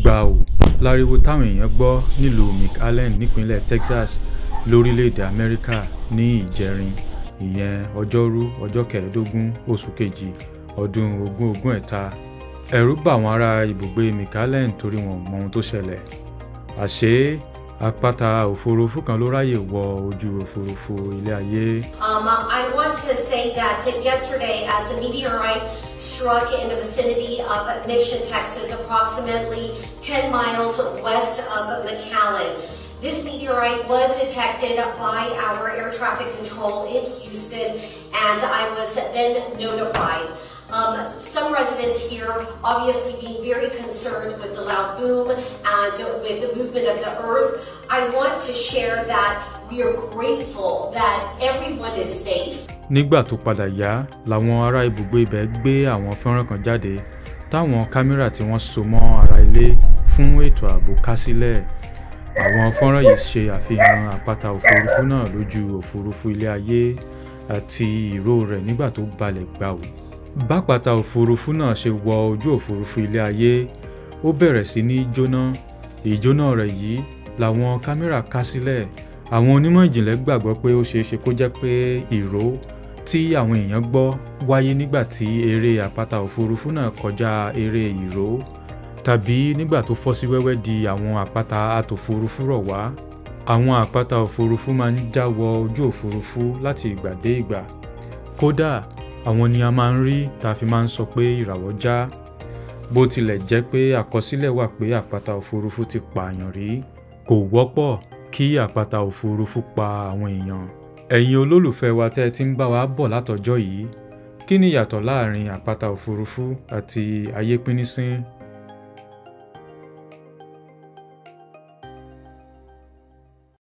gbàù láriwo táwọn èèyàn gbọ́ nílùú mcallen nípínlẹ̀ texas lórílẹ̀‐èdè amẹ́ríkà ní ìjẹrin ìyẹn ọjọ́rú ọjọ́ kẹẹ̀ẹ́dógún oṣù kejì ọdún ogún ogún ẹ̀ta ẹ̀rù bà wọ́n ará ibùgbé mcallen torí wọn ò mọ ohun tó ṣẹlẹ̀ àṣé àpáta òfurufú kan ló ráyè wọ ojú òfurufú ilé ayé. Um, I want to say that yesterday as the meteorite struck in the vicinity of Mission, Texas, approximately 10 miles west of McAllen. This meteorite was detected by our air traffic control in Houston and I was then notified. Um, some residents here obviously being very concerned with the loud boom and with the movement of the earth. I want to share that we are grateful that everyone is safe. Nígbà tó padà yá làwọn ará ibùgbé ibẹ̀ gbé àwọn fọ́nrán kan jáde táwọn kámẹ́rà tí wọ́n so mọ́ ara ilé fún ètò ààbò ká sílẹ̀. Àwọn fọ́nrán yìí ṣe àfihàn àpáta òfurufú náà lójú òfurufú ilé ayé àti ìró rẹ̀ nígbà tó balẹ̀ gbàù bápàtà òfurufú náà ṣe wọ ojú òfurufú ilé ayé ó bẹ̀rẹ̀ sí ní jóná ìjóná rẹ̀ yìí làwọn kámẹ́rà ká sílẹ̀ àwọn onímọ̀ ìjìnlẹ̀ gbàgbọ́ pé ó ṣeéṣe kó jẹ́ pé ìró tí àwọn èèyàn gbọ́ wáyé nígbà tí eré àpáta òfurufú náà kọjá eré ìró tàbí nígbà tó fọ́ sí wẹ́wẹ́ di àwọn àpáta àtòfurufú rọ̀ wá àwọn àpáta òfurufú máa ń já wọ ojú òfurufú láti ìgbà dé ìgbà kódà àwọn ni a máa ń rí tá a fi máa ń sọ pé ìràwọ̀ já bó tilẹ̀ jẹ́ pé àkọsílẹ̀ wà pé àpáta òfurufú ti pààyàn rí kò wọ́pọ̀ kí àpáta òfurufú pa àwọn èèyàn ẹ̀yin olólùfẹ́ wa tẹ́ ẹ ti ń bá wa bọ̀ látọjọ́ yìí kí ni ìyàtọ̀ láàrin àpáta òfurufú àti ayépínísín